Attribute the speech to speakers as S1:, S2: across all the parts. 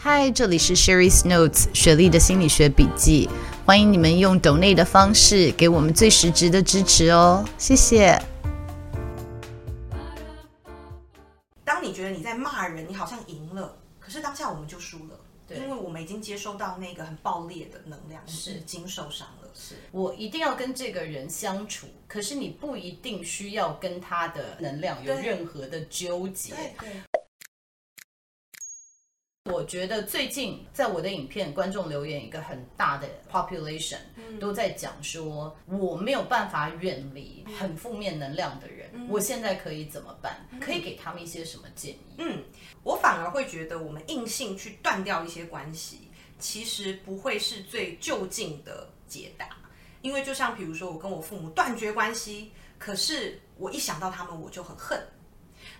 S1: 嗨，這裡是 Sherry's Notes 雪力的心理學筆記，歡迎你們用 donate 的方式給我們最實質的支持哦，謝謝。
S2: 當你覺得你在罵人，你好像贏了，可是當下我們就輸了，對，因為我們已經接
S1: 收到那個很暴烈的能量，是已經受傷了。是我一定要跟這個人相處，可是你不一定需要跟他的能量有任何的糾結。對對對我覺得最近在我的影片觀眾留言，一個很大的 population 都在講說，我沒有辦法遠離很負面能量的人，我現在可以怎麼辦？可以給他們一些什麼建議？嗯，我反而會覺得我們硬性去斷掉一些關係，
S2: 其實不會是最究竟的解答，因為就像比如說我跟我父母斷絕關係，可是我一想到他們我就很恨。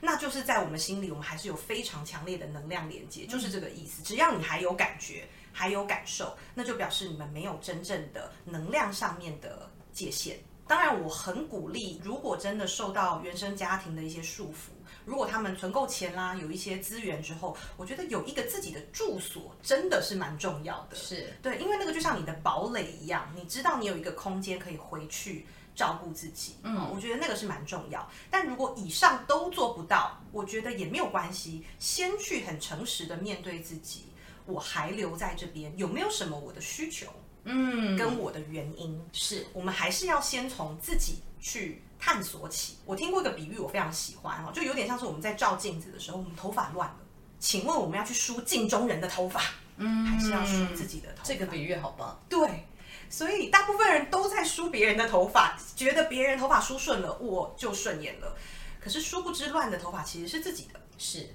S2: 那就是在我們心裡，我們還是有非常強烈的能量連接，就是這個意思。只要你還有感覺，還有感受，那就表示你們沒有真正的能量上面的界限。當然，我很鼓勵，如果真的受到原生家庭的一些束縛，如果他們存夠錢啦、啊，有一些資源之後，我覺得有一個自己的住所真的是蠻重要的。是。對，因為那個就像你的堡壘一樣，你知道你有一個空間可以回去。照顧自己，嗯，我覺得那個是蠻重要。但如果以上都做不到，我覺得也沒有關係，先去很誠實的面對自己。我還留在這邊，有沒有什麼我的需求？嗯，跟我的原因、嗯、是，我們還是要先從自己去探索起。我聽過一個比喻，我非常喜歡哦，就有點像是我們在照鏡子的時候，我們頭髮亂了，請問我們要去梳鏡中人的頭髮，嗯，
S1: 還是要梳
S2: 自己的頭髮？嗯、這個比喻好棒，對。所以大部分人都在梳別人的頭髮，覺得別人頭髮梳順了，我就順眼了。可是殊不知，亂的頭髮其實是自己的。是。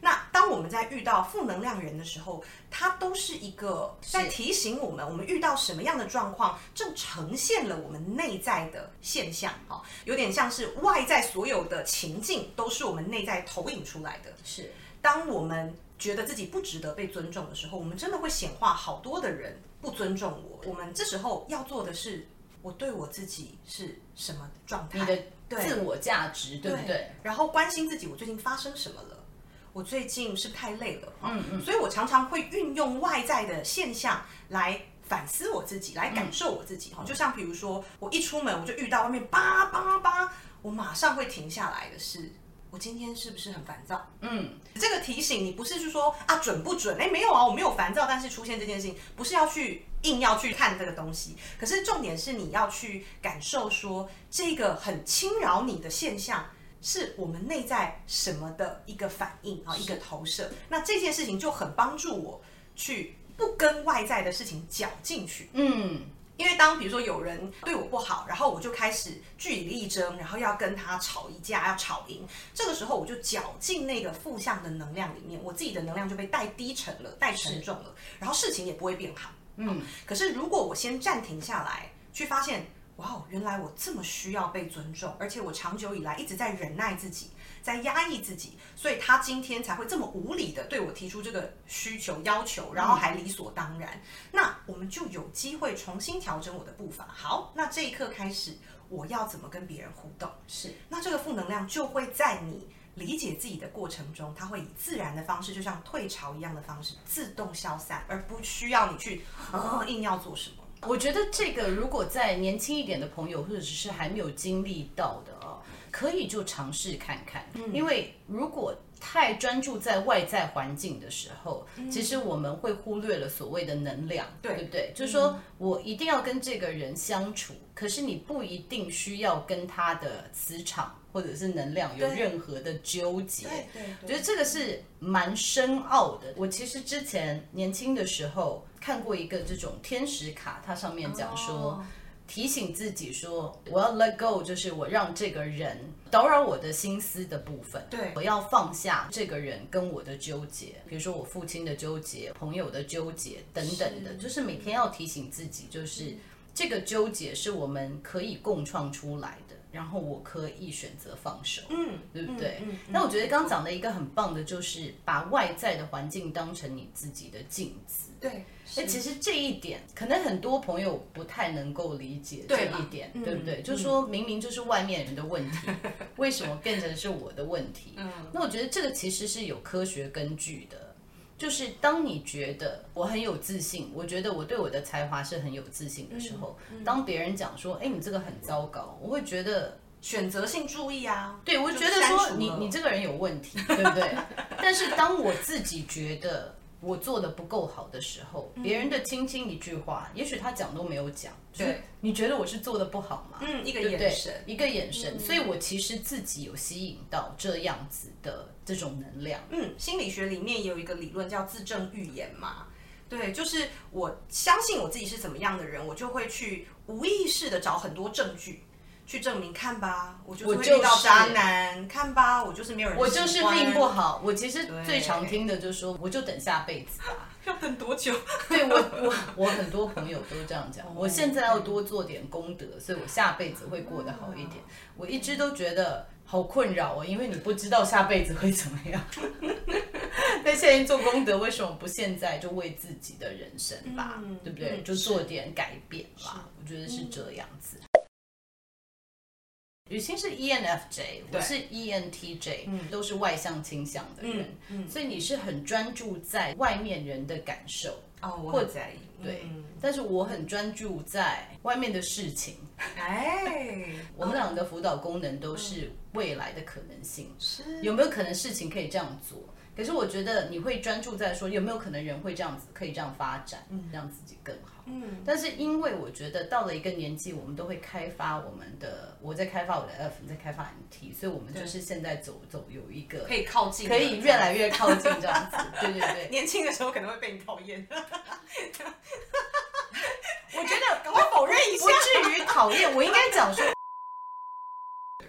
S2: 那當我們在遇到負能量人的時候，他都是一個在提醒我們，我們遇到什麼樣的狀況，正呈現了我們內在的現象哈，有點像是外在所有的情境都是我們內在投影出來的。是。當我們，覺得自己不值得被尊重的時候，我們真的會顯化好多的人不尊重我。我們這時候要做的是，我對我自己是什麼狀態？你的自我，對，價值對不對？對？然後關心自己，我最近發生什麼了？我最近是不是太累了？嗯嗯。所以我常常會運用外在的現象來反思我自己，來感受我自己。哈、嗯，就像比如說，我一出門我就遇到外面叭叭叭，我馬上會停下來的事。我今天是不是很煩躁？嗯，這個提醒你不是去說，啊準不準？誒，沒有啊，我沒有煩躁，但是出現這件事情，不是要去硬要去看這個東西。可是重點是你要去感受說，說這個很侵擾你的現象，是我們內在什麼的一個反應啊，一個投射。那這件事情就很幫助我去不跟外在的事情攪進去。嗯。因為當比如說有人對我不好，然後我就開始據理力爭，然後要跟他吵一架，要吵贏。這個時候我就絞盡那個負向的能量裡面，我自己的能量就被帶低沉了，帶沉重了，然後事情也不會變好。嗯、啊，可是如果我先暫停下來，去發現，哇，原來我這麼需要被尊重，而且我長久以來一直在忍耐自己。在壓抑自己，所以他今天才會這麼無理的對我提出這個需求要求，然後還理所當然。嗯。那我們就有機會重新調整我的步伐。好，那這一刻開始，我要怎麼跟別人互動？是，那這個負能量就會在你理解自己的過程中，它會以自然的方式，就像退潮一樣的方式，
S1: 自動消散，而不需要你去啊硬要做什麼。我覺得這個如果在年輕一點的朋友，或者只是還沒有經歷到的。可以就嘗試看看、嗯，因為如果太專注在外在環境的時候，嗯、其實我們會忽略了所謂的能量，對，對不對？嗯、就是說我一定要跟這個人相處，可是你不一定需要跟他的磁場或者是能量有任何的糾結。我覺得這個是蠻深奧的。我其實之前年輕的時候看過一個這種天使卡，它上面講說。哦提醒自己說，我要 let go，就是我讓這個人打擾我的心思的部分。對，我要放下這個人跟我的糾結，比如說我父親的糾結、朋友的糾結等等的，就是每天要提醒自己，就是這個糾結是我們可以共創出來的。然後我可以選擇放手，嗯，對不對？嗯嗯、那我覺得剛剛講的一個很棒的，就是把外在的環境當成你自己的鏡子，
S2: 對。那、欸、其實
S1: 這一點，可能很多朋友不太能夠理解這一點，對,、嗯、對不對、嗯？就說明明就是外面人的問題、嗯，為什麼變成是我的問題？嗯，那我覺得這個其實是有科學根據的。就是當你覺得我很有自信，我覺得我對我的才華是很有自信的時候，嗯嗯、當別人講說“哎，你這個很糟糕”，我會覺得選擇性注意啊。對，我覺得說你你，你這個人有問題，對不對？ 但是當我自己覺得。我做的不夠好的時候，別人的輕輕一句話，嗯、也許他講都沒有講，對、就是，你覺得我是做的不好嗎？嗯，一個眼神，對對一個眼神、嗯，所以我其實自己有吸引到這樣子的這種能量。
S2: 嗯，心理學裡面也有一個理論叫自證預言嘛，對，就是我相信我自己是怎麼樣的人，我就會去無
S1: 意識的找很多證據。去證明，看吧，我就遇到渣男，
S2: 看吧，我就是沒有人，我就是命不
S1: 好。我其實最常聽的就是說，我就等下輩子吧，要等多久？對，我、我、我很多朋友都這樣講。哦、我現在要多做點功德、嗯，所以我下輩子會過得好一點，哦。我一直都覺得好困擾哦，因為你不知道下輩子會怎麼樣。那 現在做功德，為什麼不現在就為自己的人生吧？嗯、對不對、嗯？就做點改變吧。我覺得是這樣子。嗯予昕是 ENFJ，我是 ENTJ，都是外向傾向的人，嗯，所以你是很專注在外面人的感受。Oh, 在意或者、嗯、對、嗯，但是我很專注在外面的事情。哎， 我們兩個的輔導功能都是未來的可能性。是有沒有可能事情可以這樣做？可是我覺得你會專注在說，有沒有可能人會這樣子可以這樣發展、嗯，讓自己更好。嗯，但是因為我覺得到了一個年紀，我們都會開發我們的，我在開發我的 F，你在開發你的 T，所以我們就是現在走走有一個可以靠近，可以越來越靠近這樣, 這樣子。對對
S2: 對，年輕的時候可能會被你討厭。
S1: 我覺得我否認一下，不至於討厭。我應該講說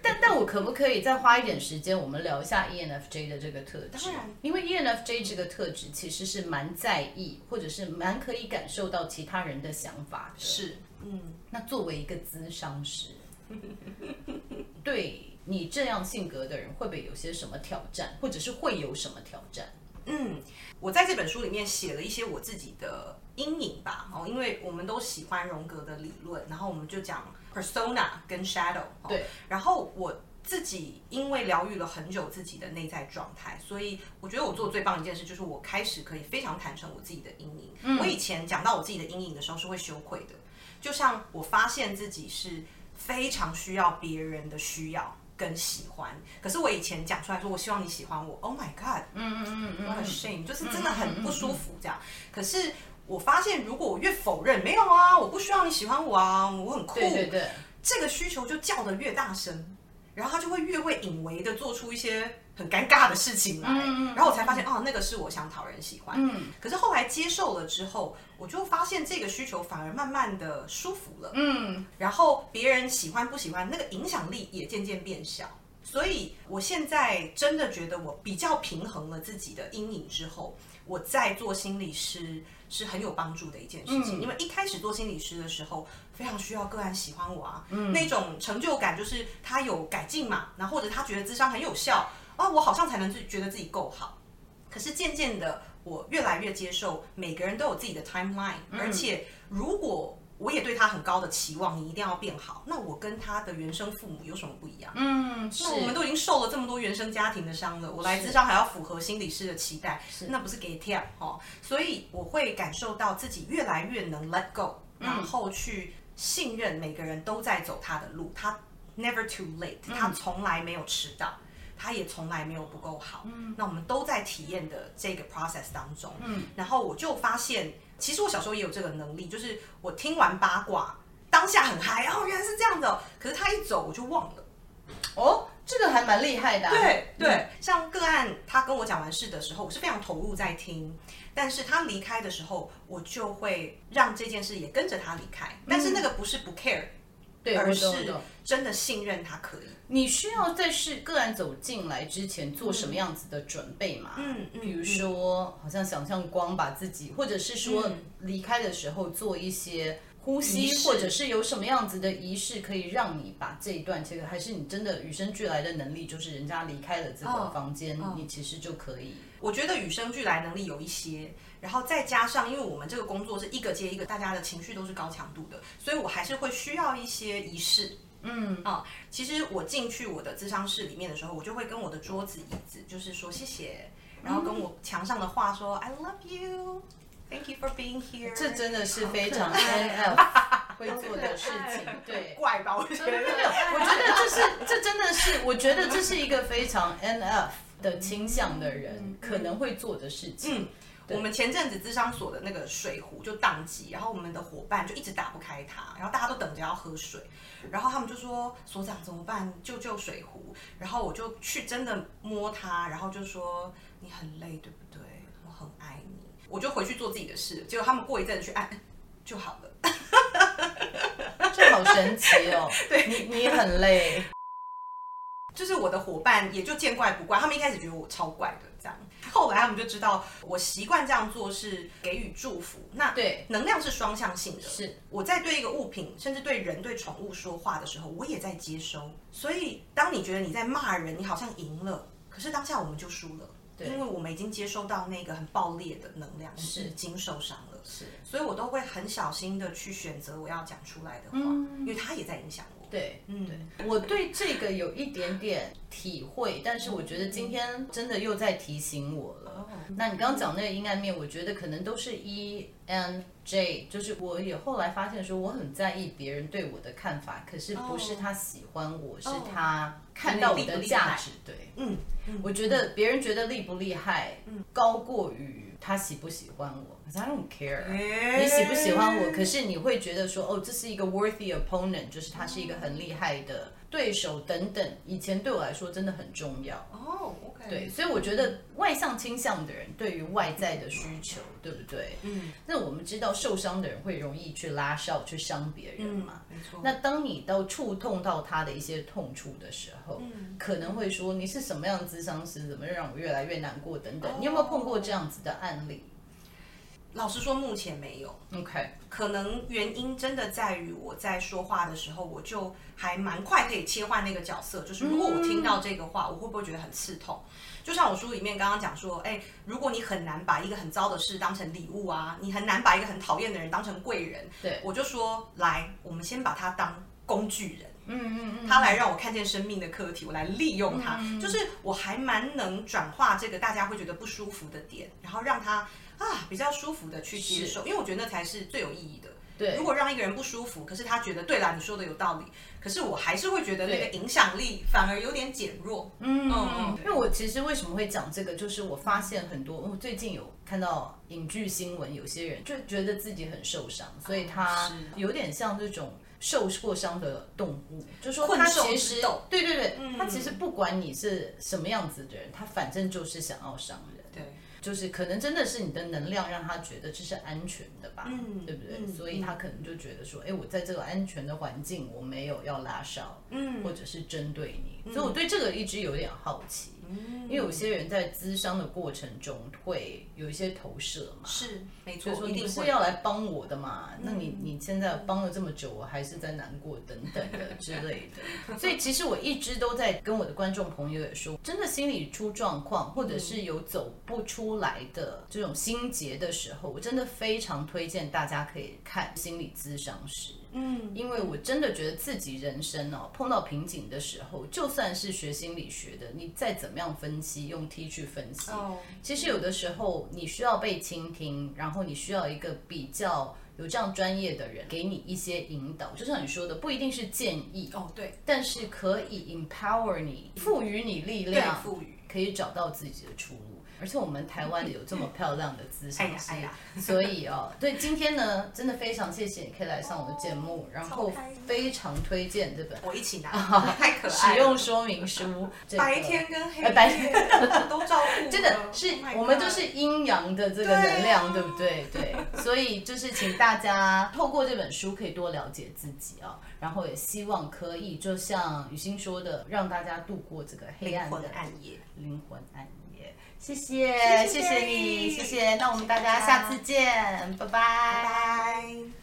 S1: 但，但但我可不可以再花一點時間，我們聊一下 ENFJ 的這個特質？當然，因為 ENFJ 這個特質其實是蠻在意，或者是蠻可以感受到其他人的想法的。是，嗯，那作為一個諮商師， 對你這樣性格的人，會不會有些什麼挑戰，或者是會有什麼挑戰？嗯，我在這本書裡面
S2: 寫了一些我自己的陰影吧。哦，因為我們都喜歡榮格的理論，然後我們就講 persona 跟 shadow，哦。對。然後我自己因為療癒了很久自己的內在狀態，所以我覺得我做的最棒一件事就是我開始可以非常坦誠我自己的陰影。嗯。我以前講到我自己的陰影的時候是會羞愧的，就像我發現自己是非常需要別人的需要。更喜歡，可是我以前講出來說，我希望你喜歡我。Oh my god，嗯
S1: 嗯嗯嗯，很 shame，就是真的很不舒
S2: 服這樣。嗯、可是我發現，如果我越否認，沒有啊，我不需要你喜歡我啊，我很酷對對對，這個需求就叫得越大聲，然後他就會越會隱微的做出一些。很尷尬的事情來、欸嗯，然後我才發現、嗯、哦，那個是我想討人喜歡。嗯，可是後來接受了之後，我就發現這個需求反而慢慢的舒服了。嗯，然後別人喜歡不喜歡，那個影響力也漸漸變小。所以我現在真的覺得我比較平衡了自己的陰影之後，我在做心理師是很有幫助的一件事情。嗯、因為一開始做心理師的時候，非常需要個案喜歡我啊，嗯、那種成就感就是他有改進嘛，然後或者他覺得諮商很有效。啊，我好像才能自己覺得自己夠好，可是漸漸的，我越來越接受每個人都有自己的 timeline，、嗯、而且如果我也對他很高的期望，你一定要變好，那我跟他的原生父母有什麼不一樣？
S1: 嗯，是。那我們都已經
S2: 受了這麼多原生家庭的傷了，我來諮商還要符合心理師的期待，是，那不是給跳哦。所以我會感受到自己越來越能 let go，然後去信任每個人都在走他的路，他 never too late，他從來沒有遲到。嗯他也從來沒有不夠好，嗯，那我們都在體驗的這個 process 當中，嗯，然後我就發現，其實我小時候也有這個能力，就是我聽完八卦當下很嗨哦，原來是這樣的，可是他一走我就忘了，哦，這個還蠻厲害的啊，對對，嗯，像個案他跟我講完事的時候，我是非常投入在聽，但是他離開的時候，我就會讓這件事也跟着他離開，嗯，但是那個不是不 care。對，而是真的信任他可以。
S1: 你需要在是個案走進來之前做什麼樣子的準備嗎？嗯嗯，嗯，比如說，好像想象光把自己，或者是說離開的時候做一些呼吸，或者是有什麼樣子的儀式，可以讓你把這一段這個，還是你真的與生俱來的能力，就是人家離開了這個房間，哦哦，你其實就可以。我覺得與生俱來能力有一些。
S2: 然後再加上，因為我們這個工作是一個接一個，大家的情緒都是高強度的，所以我還是會需要一些儀式。嗯啊、嗯，其實我進去我的諮商室裡面的時候，我就會跟我的桌子、椅子，就是說謝謝、嗯，然後跟我牆上的話說、嗯、“I love you,
S1: thank you for being here”。這真的是非常 N F 會做的事情，對， 怪吧？我覺得， 我覺得這是這真的是，我覺得這是一個非常 N F 的傾向的人可能會做的事情。嗯嗯嗯我們前陣
S2: 子諮商所的那個水壺就宕機，然後我們的夥伴就一直打不開它，然後大家都等着要喝水，然後他們就說：“所長怎麼辦？救救水壺！”然後我就去真的摸它，然後就說：“你很累，對不對？我很愛你。”我就回去做自己的事，結果他們過一陣去按就好了， 這好神奇哦！ 對你你很累。 就是我的伙伴也就見怪不怪，他們一開始覺得我超怪的這樣，後來他們就知道我習慣這樣做是給予祝福。那對能量是雙向性的，是我在對一個物品甚至對人對寵物說話的時候，我也在接收。所以當你覺得你在罵人，你好像贏了，可是當下我們就輸了，對，因為我們已經接收到那個很暴烈的能量，是已經受傷了是，是，所以我都會很小心的去選擇我要講出來的話，嗯，因為它
S1: 也在影響。對，嗯，對，我對這個有一點點體會， 但是我覺得今天真的又在提醒我了。哦、那你剛剛講那個陰暗面，我覺得可能都是 ENJ，就是我也後來發現說，我很在意別人對我的看法，可是不是他喜歡我，是他看到我的價值。哦、對嗯，嗯，我覺得別人覺得厲不厲害，嗯、高過於。他喜不喜歡我？Cause I don't care。 你喜不喜歡我？可是你會覺得說，哦，這是一個 worthy opponent，就是他是一個很厲害的。對手等等，以前對我來說真的很重要哦。Oh, okay, 對，所以我覺得外向傾向的人對於外在的需求、嗯，對不對？嗯。那我們知道受傷的人會容易去拉哨、去傷別人嘛？嗯、沒錯。那當你到觸痛到他的一些痛處的時候、嗯，可能會說你是什麼樣的諮商師，怎麼讓我越來越難過等等。Oh. 你有沒有碰過這樣子的案例？老實說，目前沒有。OK，可能原因真的在於我在說
S2: 話的時候，我就還蠻快可以切換那個角色。就是如果我聽到這個話、嗯，我會不會覺得很刺痛？就像我書裡面剛剛講說，哎，如果你很難把一個很糟的事當成禮物啊，你很難把一個很討厭的人當成貴人，對，我就說，來，我們先把他當工具人。
S1: 嗯嗯嗯，他來讓我
S2: 看見生命的課題，嗯、我來利用它、嗯，就是我還蠻能轉化這個大家會覺得不舒服的點，然後讓他啊比較舒服的去接受，因為我覺得那才是最有意義的。對，如果讓一個人不舒服，可是他覺得對啦，
S1: 你說的有道理，可是我還是會覺得那個影響力反而有點減弱。嗯，嗯，嗯，因為我其實為什麼會講這個，就是我發現很多，我最近有看到影劇新聞，有些人就覺得自己很受傷，所以他有點像這種。受過傷的動物，就說它其實，對對對，它、嗯、其實不管你是什麼樣子的人，它反正就是想要傷人。對。就是可能真的是你的能量讓他覺得這是安全的吧，嗯、對不對、嗯？所以他可能就覺得說，哎、嗯欸，我在這個安全的環境，我沒有要拉騷，嗯，或者是針對你、嗯。所以我對這個一直有點好奇，嗯、因為有些人在諮商的過程中會有一些投射嘛，是
S2: 沒錯。你不是要來
S1: 幫我的嘛、嗯？那你你現在幫了這麼久，我還是在難過等等的之類的。 所以其實我一直都在跟我的觀眾朋友也說，真的心理出狀況，或者是有走不出。來的這種心結的時候，我真的非常推薦大家可以看心理諮商師。嗯，
S2: 因為我
S1: 真的覺得自己人生哦碰到瓶頸的時候，就算是學心理學的，你再怎麼樣分析，用 T 去分析，哦，其實有的時候你需要被傾聽，然後你需要一個比較有這樣專業的人給你一些引導。就像你說的，不一定是建議哦，對，但是可以 empower 你，賦予你力量，賦予可以找到自己的出路。而且我們台灣有這麼漂亮的諮商師，所以哦，對，今天呢，真的非常謝謝你可以來上我的節目，哦、然後非常推薦這本，我一起拿，啊、太可愛了。使用說明書，這個、白天跟黑夜、啊、白天 都照顧，真的是、oh、我們都是陰陽的這個能量對、啊，對不對？對，所以就是請大家透過這本書可以多了解自己啊、哦，然後也希望可以就像予昕說的，讓大家度過這個黑暗的暗夜，靈魂,靈魂暗夜。謝謝，謝謝，謝謝你，謝謝，謝謝。那我們大家下次見，謝謝啊，拜拜。拜拜，拜拜。